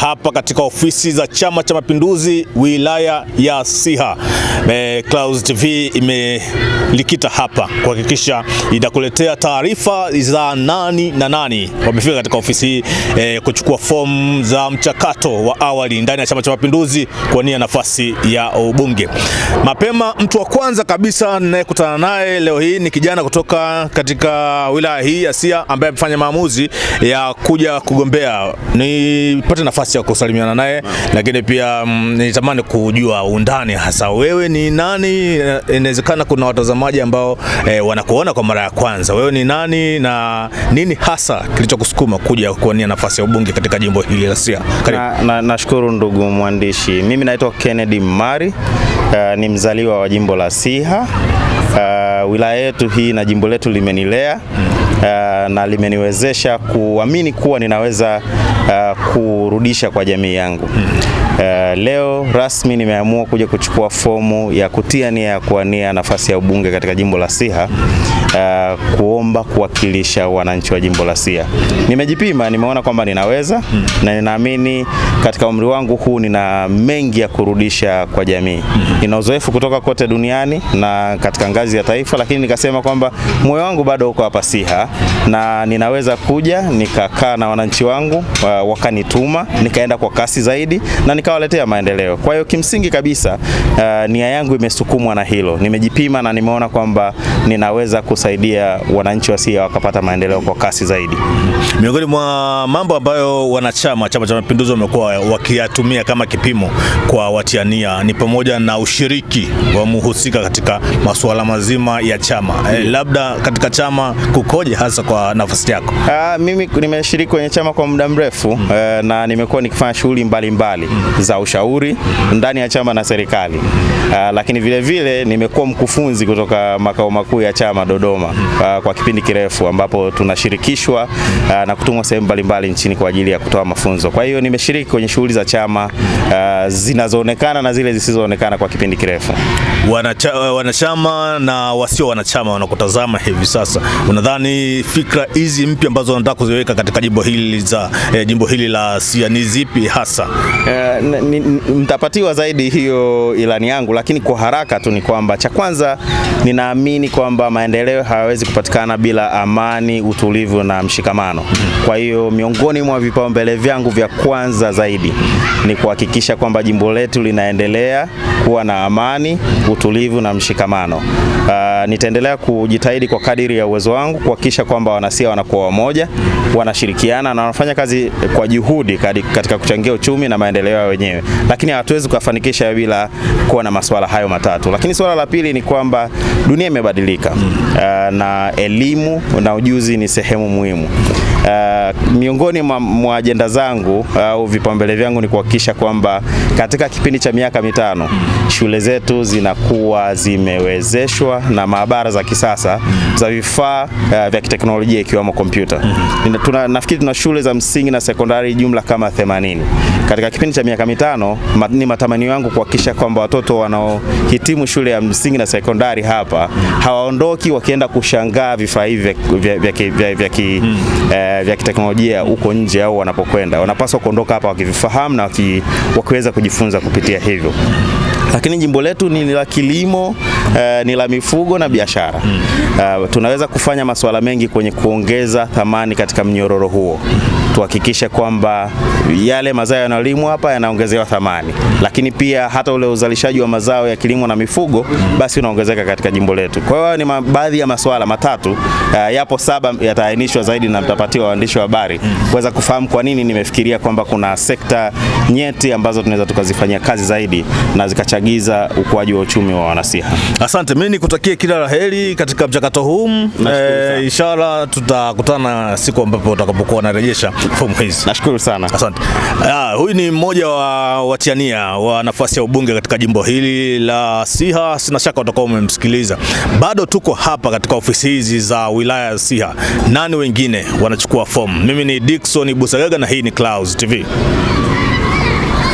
Hapa katika ofisi za Chama cha Mapinduzi wilaya ya Siha e, Clouds TV imelikita hapa kuhakikisha inakuletea taarifa za nani na nani wamefika katika ofisi hii e, kuchukua fomu za mchakato wa awali ndani ya Chama cha Mapinduzi kuwania nafasi ya ubunge. Mapema, mtu wa kwanza kabisa ninayekutana naye leo hii ni kijana kutoka katika wilaya hii ya Siha ambaye amefanya maamuzi ya kuja kugombea. Nipate nafasi nafasi ya kusalimiana naye, lakini pia mm, nitamani kujua undani, hasa wewe ni nani. Inawezekana kuna watazamaji ambao e, wanakuona kwa mara ya kwanza, wewe ni nani na nini hasa kilichokusukuma kuja kuwania nafasi ya ubunge katika jimbo hili la Siha? Nashukuru na, na ndugu mwandishi, mimi naitwa Kennedy Mmari. Uh, ni mzaliwa wa jimbo la Siha. Uh, wilaya yetu hii na jimbo letu limenilea uh, na limeniwezesha kuamini kuwa ninaweza uh, kurudisha kwa jamii yangu. Eh, leo rasmi nimeamua kuja kuchukua fomu ya kutia nia ya kuwania nafasi ya ubunge katika jimbo la Siha, uh, kuomba kuwakilisha wananchi wa jimbo la Siha. Nimejipima, nimeona kwamba ninaweza hmm. na ninaamini katika umri wangu huu nina mengi ya kurudisha kwa jamii hmm. nina uzoefu kutoka kote duniani na katika ngazi ya taifa, lakini nikasema kwamba moyo wangu bado uko hapa Siha na ninaweza kuja nikakaa na wananchi wangu, uh, wakanituma nikaenda kwa kasi zaidi na ikawaletea maendeleo. Kwa hiyo kimsingi kabisa, uh, nia yangu imesukumwa na hilo, nimejipima na nimeona kwamba ninaweza kusaidia wananchi wa Siha wakapata maendeleo kwa kasi zaidi. Miongoni mwa mambo ambayo wanachama Chama cha Mapinduzi wamekuwa wakiyatumia kama kipimo kwa watiania ni pamoja na ushiriki wa muhusika katika masuala mazima ya chama. E, labda katika chama kukoje hasa kwa nafasi yako? Uh, mimi nimeshiriki kwenye chama kwa muda mrefu mm. uh, na nimekuwa nikifanya shughuli mbalimbali mm za ushauri ndani ya chama na serikali. Uh, lakini vilevile nimekuwa mkufunzi kutoka makao makuu ya chama Dodoma uh, kwa kipindi kirefu ambapo tunashirikishwa uh, na kutumwa sehemu mbalimbali nchini kwa ajili ya kutoa mafunzo. Kwa hiyo nimeshiriki kwenye shughuli za chama uh, zinazoonekana na zile zisizoonekana kwa kipindi kirefu. wanachama na wasio wanachama wanakutazama hivi sasa, unadhani fikra hizi mpya ambazo wanataka kuziweka katika jimbo hili za eh, jimbo hili la Siha ni zipi hasa? Eh, mtapatiwa zaidi hiyo ilani yangu, lakini kwa haraka tu ni kwamba cha kwanza ninaamini kwamba maendeleo hayawezi kupatikana bila amani, utulivu na mshikamano. Kwa hiyo miongoni mwa vipaumbele vyangu vya kwanza zaidi ni kuhakikisha kwamba jimbo letu linaendelea kuwa na amani, utulivu na mshikamano. Uh, nitaendelea kujitahidi kwa kadiri ya uwezo wangu kuhakikisha kwamba wanasia wanakuwa wamoja, wanashirikiana na wanafanya kazi kwa juhudi katika kuchangia uchumi na maendeleo wenyewe, lakini hatuwezi kuyafanikisha bila kuwa na masuala hayo matatu. Lakini swala la pili ni kwamba dunia imebadilika mm. uh, na elimu na ujuzi ni sehemu muhimu. Uh, miongoni mwa ajenda zangu au uh, vipaumbele vyangu ni kuhakikisha kwamba katika kipindi cha miaka mitano mm. shule zetu zinakuwa zimewezeshwa na maabara za kisasa mm. za vifaa uh, vya kiteknolojia ikiwemo kompyuta. Mm. Nafikiri tuna shule za msingi na sekondari jumla kama 80 katika kipindi cha miaka mitano mat, ni matamanio yangu kuhakikisha kwamba watoto wanaohitimu shule ya msingi na sekondari hapa hawaondoki wakienda kushangaa vifaa hivi hmm. eh, vya kiteknolojia huko nje au wanapokwenda. Wanapaswa kuondoka hapa wakivifahamu na waki, wakiweza kujifunza kupitia hivyo lakini jimbo letu ni la kilimo eh, ni la mifugo na biashara mm. Uh, tunaweza kufanya masuala mengi kwenye kuongeza thamani katika mnyororo huo tuhakikishe kwamba yale mazao yanayolimwa hapa yanaongezewa thamani, lakini pia hata ule uzalishaji wa mazao ya kilimo na mifugo basi unaongezeka katika jimbo letu. Kwa hiyo ni baadhi ya masuala matatu, uh, yapo saba yataainishwa zaidi na mtapatiwa waandishi wa habari kuweza kufahamu kwa nini nimefikiria kwamba kuna sekta nyeti ambazo tunaweza tukazifanyia kazi zaidi na zikachagiza ukuaji wa uchumi wa Wanasiha. Asante, mimi nikutakie kila la heri katika mchakato huu. E, inshallah tutakutana siku ambapo utakapokuwa unarejesha fomu hizi. Nashukuru sana. Asante. Ah, huyu ni mmoja wa watiania wa nafasi ya ubunge katika jimbo hili la Siha. Sina shaka utakuwa umemsikiliza. Bado tuko hapa katika ofisi hizi za wilaya ya Siha. Nani wengine wanachukua fomu? Mimi ni Dickson Busagaga na hii ni Clouds TV.